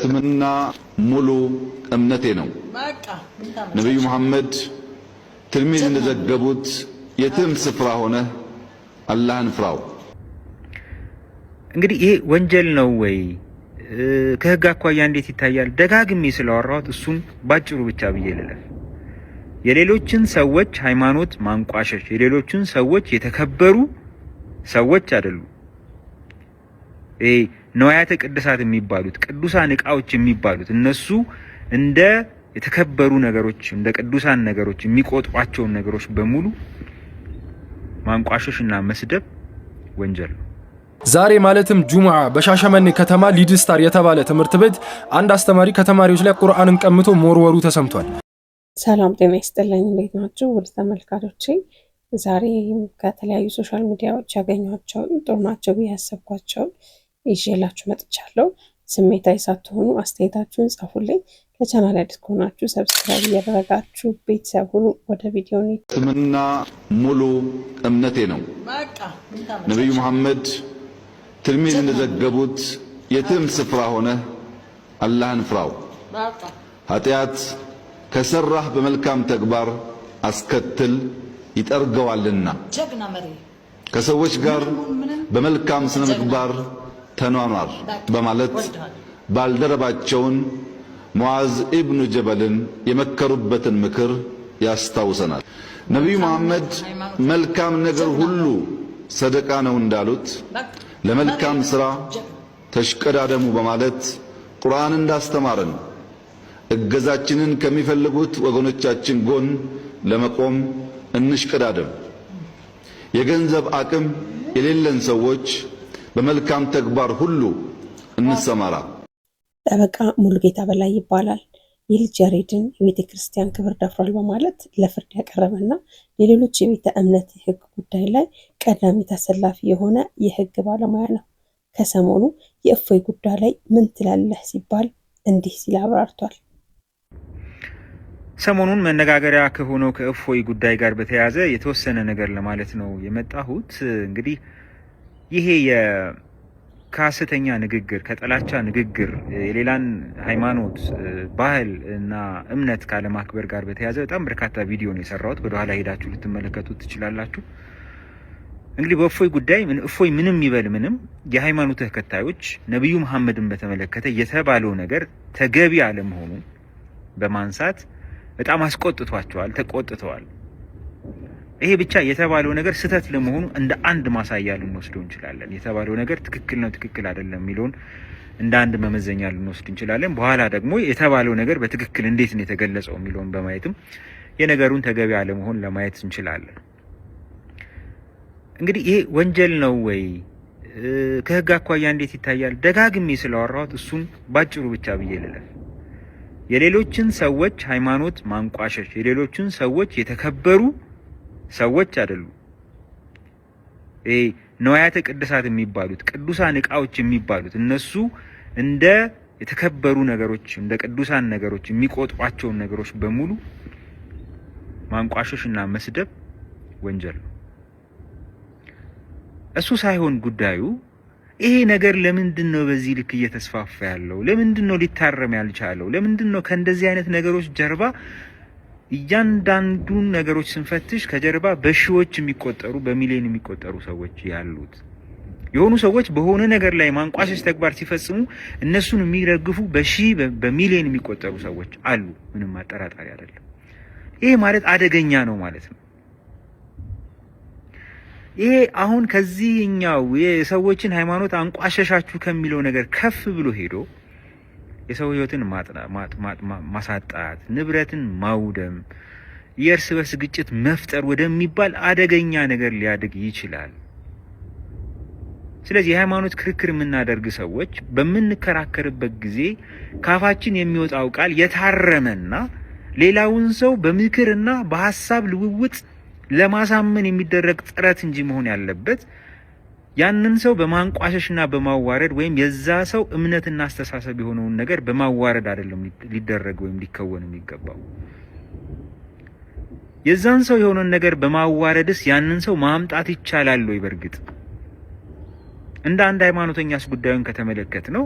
እስልምና ሙሉ እምነቴ ነው። ነቢዩ መሐመድ ትርሚዝ እንደዘገቡት የትም ስፍራ ሆነ አላህን ፍራው። እንግዲህ ይሄ ወንጀል ነው ወይ? ከህግ አኳያ እንዴት ይታያል? ደጋግሜ ስላወራሁት እሱን ባጭሩ ብቻ ብዬ ልለፍ። የሌሎችን ሰዎች ሃይማኖት ማንቋሸሽ የሌሎችን ሰዎች የተከበሩ ሰዎች አይደሉ ነዋያተ ቅድሳት የሚባሉት ቅዱሳን እቃዎች የሚባሉት እነሱ እንደ የተከበሩ ነገሮች እንደ ቅዱሳን ነገሮች የሚቆጥሯቸውን ነገሮች በሙሉ ማንቋሸሽና መስደብ ወንጀል ነው። ዛሬ ማለትም ጁሙዓ በሻሸመኔ ከተማ ሊድስታር የተባለ ትምህርት ቤት አንድ አስተማሪ ከተማሪዎች ላይ ቁርአንን ቀምቶ መወርወሩ ተሰምቷል። ሰላም ጤና ይስጥልኝ። እንዴት ናቸው ውድ ተመልካቾቼ? ዛሬ ከተለያዩ ሶሻል ሚዲያዎች ያገኟቸውን ጥሩ ናቸው ብዬ ያሰብኳቸውን ይዤላችሁ መጥቻለሁ። ስሜታዊ ሳትሆኑ አስተያየታችሁን ጻፉልኝ። ለቻናል አዲስ ከሆናችሁ ሰብስክራይብ እያደረጋችሁ ቤተሰብ ሁኑ። ወደ ቪዲዮ እስልምና ሙሉ እምነቴ ነው። ነቢዩ መሐመድ ትልሚዝ እንደዘገቡት የትም ስፍራ ሆነ አላህን ፍራው፣ ኃጢአት ከሰራህ በመልካም ተግባር አስከትል ይጠርገዋልና ከሰዎች ጋር በመልካም ስነ ምግባር ተኗኗር በማለት ባልደረባቸውን ሙዓዝ ኢብኑ ጀበልን የመከሩበትን ምክር ያስታውሰናል። ነቢዩ መሐመድ መልካም ነገር ሁሉ ሰደቃ ነው እንዳሉት ለመልካም ሥራ ተሽቀዳደሙ በማለት ቁርአን እንዳስተማረን እገዛችንን ከሚፈልጉት ወገኖቻችን ጎን ለመቆም እንሽቀዳደም። የገንዘብ አቅም የሌለን ሰዎች በመልካም ተግባር ሁሉ እንሰማራ። ጠበቃ ሙሉጌታ በላይ ይባላል። የልጅ ያሬድን የቤተ ክርስቲያን ክብር ደፍሯል በማለት ለፍርድ ያቀረበና የሌሎች የቤተ እምነት የህግ ጉዳይ ላይ ቀዳሚ ተሰላፊ የሆነ የህግ ባለሙያ ነው። ከሰሞኑ የእፎይ ጉዳይ ላይ ምን ትላለህ ሲባል እንዲህ ሲል አብራርቷል። ሰሞኑን መነጋገሪያ ከሆነው ከእፎይ ጉዳይ ጋር በተያያዘ የተወሰነ ነገር ለማለት ነው የመጣሁት እንግዲህ ይሄ ከሐሰተኛ ንግግር ከጥላቻ ንግግር የሌላን ሃይማኖት፣ ባህል እና እምነት ካለማክበር ጋር በተያያዘ በጣም በርካታ ቪዲዮ ነው የሰራሁት። ወደኋላ ሄዳችሁ ልትመለከቱት ትችላላችሁ። እንግዲህ በእፎይ ጉዳይ እፎይ ምንም ይበል ምንም የሃይማኖት ተከታዮች ነቢዩ መሐመድን በተመለከተ የተባለው ነገር ተገቢ አለመሆኑን በማንሳት በጣም አስቆጥቷቸዋል፣ ተቆጥተዋል። ይሄ ብቻ የተባለው ነገር ስህተት ለመሆኑ እንደ አንድ ማሳያ ልንወስደው እንችላለን። የተባለው ነገር ትክክል ነው፣ ትክክል አይደለም የሚለውን እንደ አንድ መመዘኛ ልንወስድ እንችላለን። በኋላ ደግሞ የተባለው ነገር በትክክል እንዴት ነው የተገለጸው የሚለውን በማየትም የነገሩን ተገቢ አለመሆን ለማየት እንችላለን። እንግዲህ ይሄ ወንጀል ነው ወይ ከህግ አኳያ እንዴት ይታያል? ደጋግሜ ስላወራሁት እሱን ባጭሩ ብቻ ብዬ ልለፍ። የሌሎችን ሰዎች ሃይማኖት ማንቋሸሽ፣ የሌሎችን ሰዎች የተከበሩ ሰዎች አይደሉም። ነዋያተ ቅድሳት የሚባሉት ቅዱሳን እቃዎች የሚባሉት እነሱ እንደ የተከበሩ ነገሮች እንደ ቅዱሳን ነገሮች የሚቆጥሯቸውን ነገሮች በሙሉ ማንቋሸሽ እና መስደብ ወንጀል ነው። እሱ ሳይሆን ጉዳዩ ይሄ ነገር ለምንድን ነው በዚህ ልክ እየተስፋፋ ያለው? ለምንድን ነው ሊታረም ያልቻለው? ለምንድን ነው ከእንደዚህ አይነት ነገሮች ጀርባ እያንዳንዱን ነገሮች ስንፈትሽ ከጀርባ በሺዎች የሚቆጠሩ በሚሊዮን የሚቆጠሩ ሰዎች ያሉት የሆኑ ሰዎች በሆነ ነገር ላይ ማንቋሸሽ ተግባር ሲፈጽሙ እነሱን የሚደግፉ በሺ በሚሊዮን የሚቆጠሩ ሰዎች አሉ። ምንም አጠራጣሪ አይደለም። ይሄ ማለት አደገኛ ነው ማለት ነው። ይሄ አሁን ከዚህኛው የሰዎችን ሃይማኖት አንቋሸሻችሁ ከሚለው ነገር ከፍ ብሎ ሄዶ የሰው ህይወትን ማሳጣት፣ ንብረትን ማውደም፣ የእርስ በርስ ግጭት መፍጠር ወደሚባል አደገኛ ነገር ሊያድግ ይችላል። ስለዚህ የሃይማኖት ክርክር የምናደርግ ሰዎች በምንከራከርበት ጊዜ ካፋችን የሚወጣው ቃል የታረመና ሌላውን ሰው በምክርና በሀሳብ ልውውጥ ለማሳመን የሚደረግ ጥረት እንጂ መሆን ያለበት ያንን ሰው በማንቋሸሽና በማዋረድ ወይም የዛ ሰው እምነትና አስተሳሰብ የሆነውን ነገር በማዋረድ አይደለም ሊደረግ ወይም ሊከወን የሚገባው። የዛን ሰው የሆነውን ነገር በማዋረድስ ያንን ሰው ማምጣት ይቻላል ወይ? በእርግጥ እንደ አንድ ሃይማኖተኛስ ጉዳዩን ከተመለከት ነው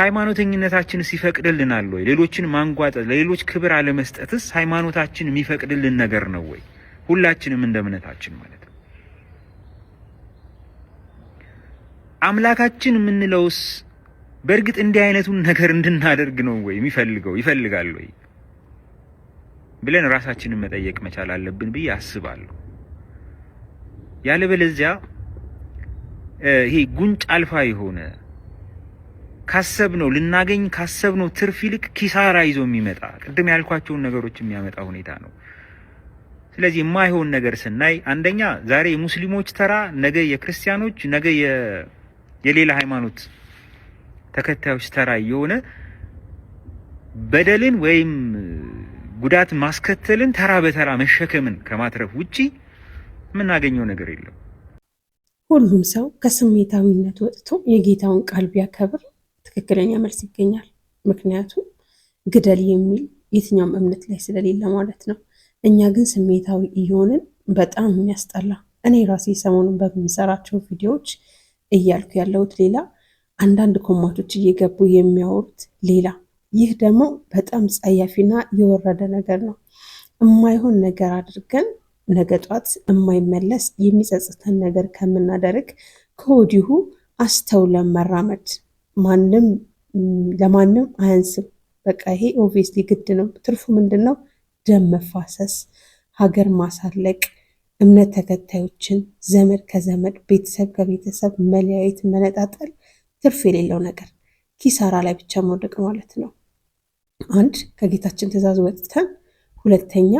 ሃይማኖተኝነታችንስ ይፈቅድልናል ወይ? ሌሎችን ማንጓጠጥ፣ ለሌሎች ክብር አለመስጠትስ ሃይማኖታችን የሚፈቅድልን ነገር ነው ወይ? ሁላችንም እንደ እምነታችን ማለት አምላካችን የምንለውስ በእርግጥ እንዲህ አይነቱን ነገር እንድናደርግ ነው ወይ የሚፈልገው ይፈልጋል ወይ ብለን ራሳችንን መጠየቅ መቻል አለብን ብዬ አስባለሁ። ያለበለዚያ ይሄ ጉንጭ አልፋ የሆነ ካሰብነው ልናገኝ ካሰብነው ትርፍ ይልቅ ኪሳራ ይዞ የሚመጣ ቅድም ያልኳቸውን ነገሮች የሚያመጣ ሁኔታ ነው። ስለዚህ የማይሆን ነገር ስናይ አንደኛ ዛሬ የሙስሊሞች ተራ፣ ነገ የክርስቲያኖች፣ ነገ የሌላ ሃይማኖት ተከታዮች ተራ የሆነ በደልን ወይም ጉዳት ማስከተልን ተራ በተራ መሸከምን ከማትረፍ ውጪ የምናገኘው ነገር የለም። ሁሉም ሰው ከስሜታዊነት ወጥቶ የጌታውን ቃል ቢያከብር ትክክለኛ መልስ ይገኛል። ምክንያቱም ግደል የሚል የትኛውም እምነት ላይ ስለሌለ ማለት ነው። እኛ ግን ስሜታዊ እየሆንን በጣም የሚያስጠላ እኔ ራሴ ሰሞኑን በምንሰራቸው ቪዲዮዎች እያልኩ ያለሁት ሌላ፣ አንዳንድ ኮማቶች እየገቡ የሚያወሩት ሌላ። ይህ ደግሞ በጣም ጸያፊና የወረደ ነገር ነው። እማይሆን ነገር አድርገን ነገ ጧት እማይመለስ የሚጸጽተን ነገር ከምናደርግ ከወዲሁ አስተውለን መራመድ ማንም ለማንም አያንስም። በቃ ይሄ ኦብቪየስሊ ግድ ነው። ትርፉ ምንድን ነው? ደም መፋሰስ፣ ሀገር ማሳለቅ እምነት ተከታዮችን ዘመድ ከዘመድ ቤተሰብ ከቤተሰብ መለያየት፣ መነጣጠል፣ ትርፍ የሌለው ነገር ኪሳራ ላይ ብቻ መውደቅ ማለት ነው። አንድ ከጌታችን ትእዛዝ ወጥተን፣ ሁለተኛ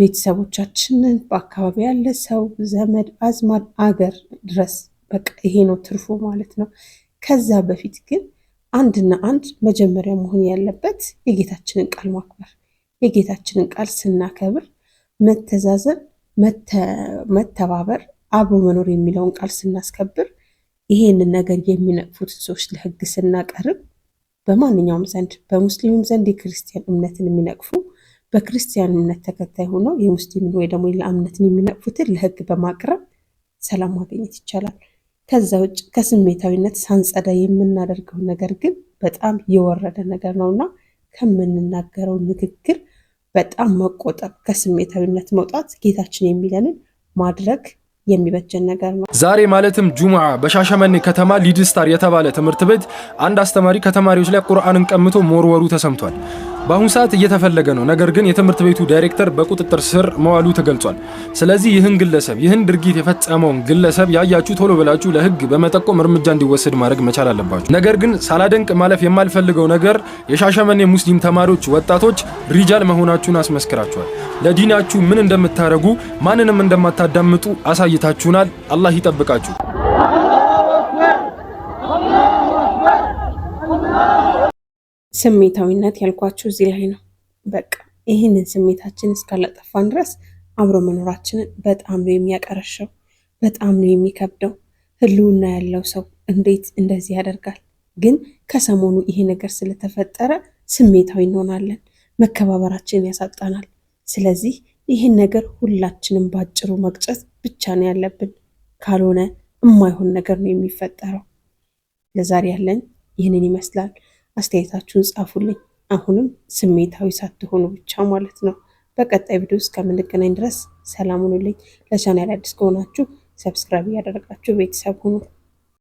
ቤተሰቦቻችንን በአካባቢ ያለ ሰው ዘመድ አዝማድ አገር ድረስ በቃ ይሄ ነው ትርፉ ማለት ነው። ከዛ በፊት ግን አንድና አንድ መጀመሪያ መሆን ያለበት የጌታችንን ቃል ማክበር። የጌታችንን ቃል ስናከብር መተዛዘን መተባበር፣ አብሮ መኖር የሚለውን ቃል ስናስከብር ይሄንን ነገር የሚነቅፉትን ሰዎች ለህግ ስናቀርብ በማንኛውም ዘንድ በሙስሊምም ዘንድ የክርስቲያን እምነትን የሚነቅፉ በክርስቲያን እምነት ተከታይ ሆነው የሙስሊምን ወይ ደግሞ ሌላ እምነትን የሚነቅፉትን ለህግ በማቅረብ ሰላም ማግኘት ይቻላል። ከዛ ውጭ ከስሜታዊነት ሳንጸዳ የምናደርገው ነገር ግን በጣም የወረደ ነገር ነውና ከምንናገረው ንግግር በጣም መቆጠብ፣ ከስሜታዊነት መውጣት ጌታችን የሚለንን ማድረግ የሚበጀን ነገር ነው። ዛሬ ማለትም ጁሙዓ በሻሸመኔ ከተማ ሊድስታር የተባለ ትምህርት ቤት አንድ አስተማሪ ከተማሪዎች ላይ ቁርአንን ቀምቶ መወርወሩ ተሰምቷል። በአሁኑ ሰዓት እየተፈለገ ነው። ነገር ግን የትምህርት ቤቱ ዳይሬክተር በቁጥጥር ስር መዋሉ ተገልጿል። ስለዚህ ይህን ግለሰብ ይህን ድርጊት የፈጸመውን ግለሰብ ያያችሁ ቶሎ ብላችሁ ለህግ በመጠቆም እርምጃ እንዲወሰድ ማድረግ መቻል አለባችሁ። ነገር ግን ሳላደንቅ ማለፍ የማልፈልገው ነገር የሻሸመኔ ሙስሊም ተማሪዎች፣ ወጣቶች ሪጃል መሆናችሁን አስመስክራችኋል። ለዲናችሁ ምን እንደምታደርጉ ማንንም እንደማታዳምጡ አሳይታችሁናል። አላህ ይጠብቃችሁ። ስሜታዊነት ያልኳችሁ እዚህ ላይ ነው። በቃ ይህንን ስሜታችን እስካላጠፋን ድረስ አብሮ መኖራችንን በጣም ነው የሚያቀረሸው፣ በጣም ነው የሚከብደው። ህልውና ያለው ሰው እንዴት እንደዚህ ያደርጋል? ግን ከሰሞኑ ይሄ ነገር ስለተፈጠረ ስሜታዊ እንሆናለን፣ መከባበራችንን ያሳጣናል። ስለዚህ ይህን ነገር ሁላችንም ባጭሩ መቅጨት ብቻ ነው ያለብን። ካልሆነ የማይሆን ነገር ነው የሚፈጠረው። ለዛሬ ያለን ይህንን ይመስላል። አስተያየታችሁን ጻፉልኝ። አሁንም ስሜታዊ ሳትሆኑ ብቻ ማለት ነው። በቀጣይ ቪዲዮ እስከምንገናኝ ድረስ ሰላም ሁኑልኝ። ለቻናል አዲስ ከሆናችሁ ሰብስክራይብ እያደረጋችሁ ቤተሰብ ሁኑ።